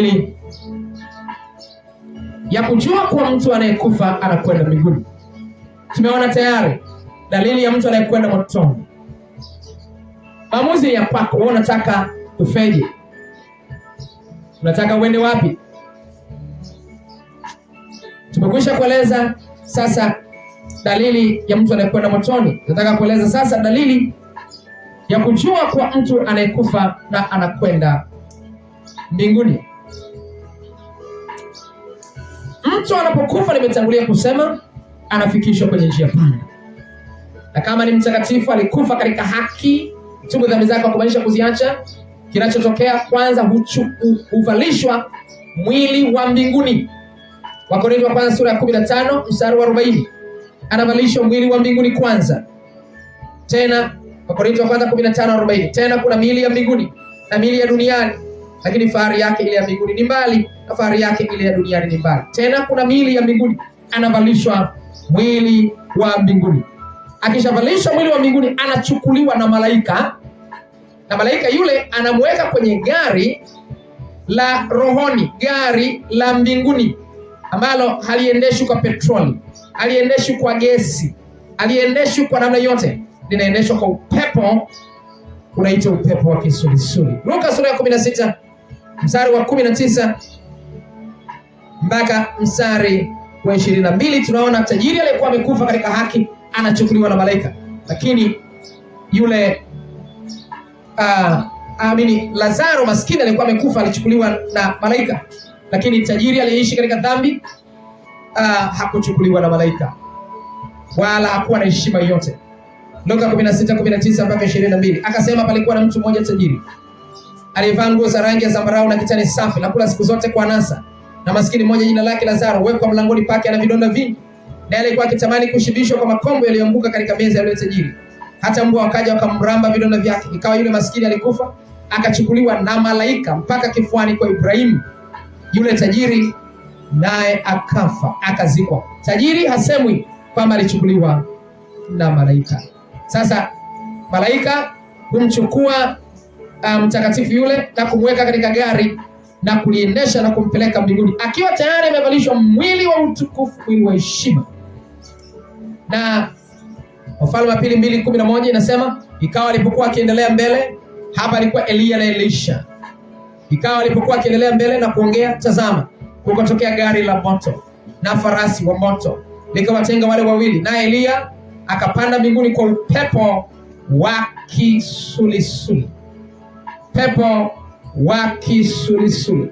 nini ya kujua kuwa mtu anayekufa anakwenda mbinguni. Tumeona tayari dalili ya mtu anayekwenda motoni. Maamuzi ya kwako, wewe unataka ufeje? Unataka uende wapi? Tumekwisha kueleza sasa dalili ya mtu anayekwenda motoni. Nataka kueleza sasa dalili ya kujua kuwa mtu anayekufa na anakwenda mbinguni. Mtu anapokufa nimetangulia kusema anafikishwa kwenye njia pana, na kama ni mtakatifu alikufa katika haki, tubu dhambi zake kumaanisha kuziacha. Kinachotokea kwanza, huvalishwa mwili wa mbinguni. Wakorintho wa kwanza sura ya 15 mstari wa 40, anavalishwa mwili wa mbinguni kwanza. Tena Wakorintho wa kwanza 15:40, tena kuna miili ya mbinguni na miili ya duniani lakini fahari yake ile ya mbinguni ni mbali na fahari yake ile ya duniani ni mbali. Tena kuna miili ya mbinguni, anavalishwa mwili wa mbinguni. Akishavalishwa mwili wa mbinguni, anachukuliwa na malaika, na malaika yule anamweka kwenye gari la rohoni, gari la mbinguni ambalo haliendeshwi kwa petroli, haliendeshwi kwa gesi, haliendeshwi kwa namna yote, linaendeshwa kwa upepo unaitwa upepo wa kisulisuli. Luka sura ya mstari wa kumi na tisa mpaka mstari wa ishirini na mbili tunaona tajiri aliyekuwa amekufa katika haki anachukuliwa na malaika, lakini yule uh, ah, amini Lazaro maskini aliyekuwa amekufa alichukuliwa na malaika, lakini tajiri aliyeishi katika dhambi uh, hakuchukuliwa na malaika wala hakuwa na heshima yoyote. Luka 16:19 mpaka 22, akasema palikuwa na mtu mmoja tajiri aliyevaa nguo za rangi ya zambarau na kitani safi na kula siku zote kwa nasa, na maskini mmoja jina lake Lazaro huwekwa mlangoni pake, ana vidonda vingi, naye alikuwa akitamani kushibishwa kwa makombo yaliyoanguka katika meza ya yule tajiri. Hata mbwa wakaja wakamramba vidonda vyake, ikawa yule maskini alikufa akachukuliwa na malaika mpaka kifuani kwa Ibrahimu. Yule tajiri naye akafa akazikwa. Tajiri hasemwi kwamba alichukuliwa na malaika. Sasa malaika kumchukua Ah, mtakatifu um, yule na kumweka katika gari na kuliendesha na kumpeleka mbinguni akiwa tayari amevalishwa mwili wa utukufu, mwili wa heshima. Na Wafalme wa Pili mbili kumi na moja inasema ikawa alipokuwa akiendelea mbele, hapa alikuwa Eliya na Elisha. Ikawa alipokuwa akiendelea mbele na kuongea, tazama, kukatokea gari la moto na farasi wa moto, likawatenga wale wawili, naye Eliya akapanda mbinguni kwa upepo wa kisulisuli pepo wa kisulisuli.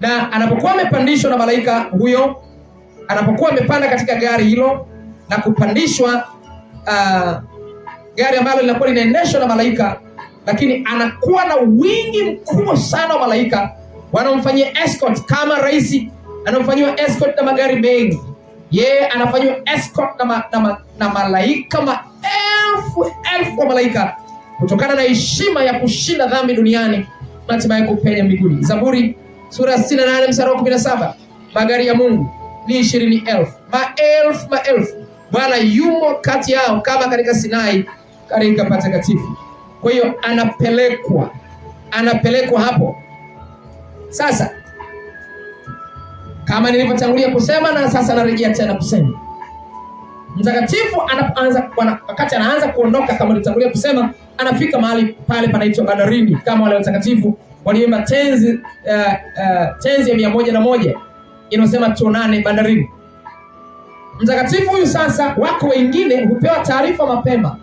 Na anapokuwa amepandishwa na malaika huyo, anapokuwa amepanda katika gari hilo na kupandishwa uh, gari ambalo linakuwa linaendeshwa na malaika, lakini anakuwa na wingi mkubwa sana wa malaika wanamfanyia escort kama rais anaofanyiwa escort na magari mengi. Yeye anafanyiwa escort na, ma, na, ma, na malaika maelfu elfu wa malaika kutokana na heshima ya kushinda dhambi duniani na hatimaye kupenya mbinguni. Zaburi sura ya 68 mstari wa 17, magari ya Mungu ni ishirini elfu, maelfu maelfu. Bwana yumo kati yao kama katika Sinai, katika patakatifu. Kwa hiyo anapelekwa, anapelekwa hapo sasa, kama nilivyotangulia kusema na sasa narejea tena kusema Mtakatifu anaanza wakati anaanza kuondoka, kama nilitangulia kusema, anafika mahali pale panaitwa bandarini, kama wale watakatifu waliimba tenzi, uh, uh, tenzi ya mia moja na moja inasema tuonane bandarini. Mtakatifu huyu sasa, wako wengine hupewa taarifa mapema.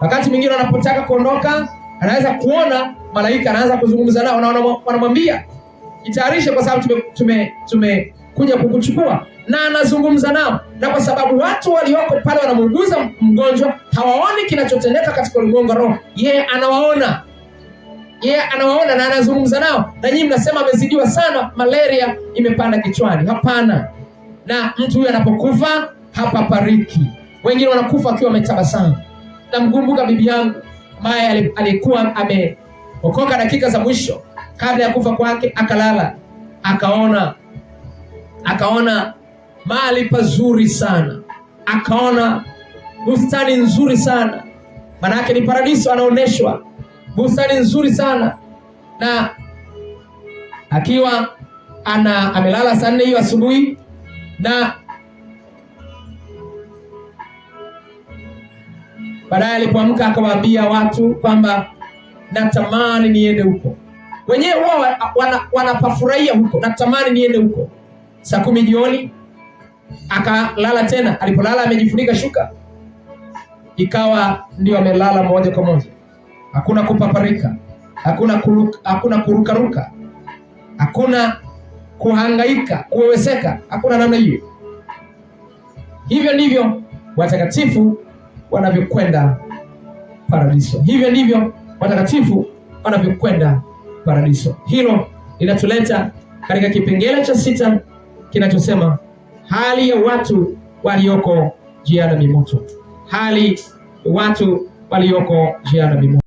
Wakati mwingine anapotaka kuondoka, anaweza kuona malaika, anaanza kuzungumza nao, wanamwambia jitayarishe, kwa sababu tume, tume, tume kuja kukuchukua, na anazungumza nao, na kwa sababu watu walioko pale wanamuuguza mgonjwa hawaoni kinachotendeka katika ulimwengu wa roho, yeye anawaona yeye yeah, anawaona na anazungumza nao. Na nyinyi mnasema amezidiwa sana, malaria imepanda kichwani. Hapana, na mtu huyu anapokufa pariki, Wengine wanakufa akiwa ametabasamu. Namkumbuka bibi yangu ambaye alikuwa ameokoka dakika za mwisho kabla ya kufa kwake, akalala akaona akaona mahali pazuri sana, akaona bustani nzuri sana, manake ni paradiso. Anaonyeshwa bustani nzuri sana, na akiwa ana amelala saa nne hiyo asubuhi na baadaye alipoamka akawaambia watu kwamba natamani niende huko. Wenyewe wao wanapafurahia wana huko, natamani niende huko saa kumi jioni akalala tena. Alipolala amejifunika shuka, ikawa ndio amelala moja kwa moja, hakuna kupaparika, hakuna kuruka, hakuna kurukaruka, hakuna kuhangaika, kuweweseka, hakuna namna hiyo. Hivyo ndivyo watakatifu wanavyokwenda paradiso. Hivyo ndivyo watakatifu wanavyokwenda paradiso. Hilo linatuleta katika kipengele cha sita kinachosema hali ya watu walioko jiada ni moto, hali watu walioko njiani moto.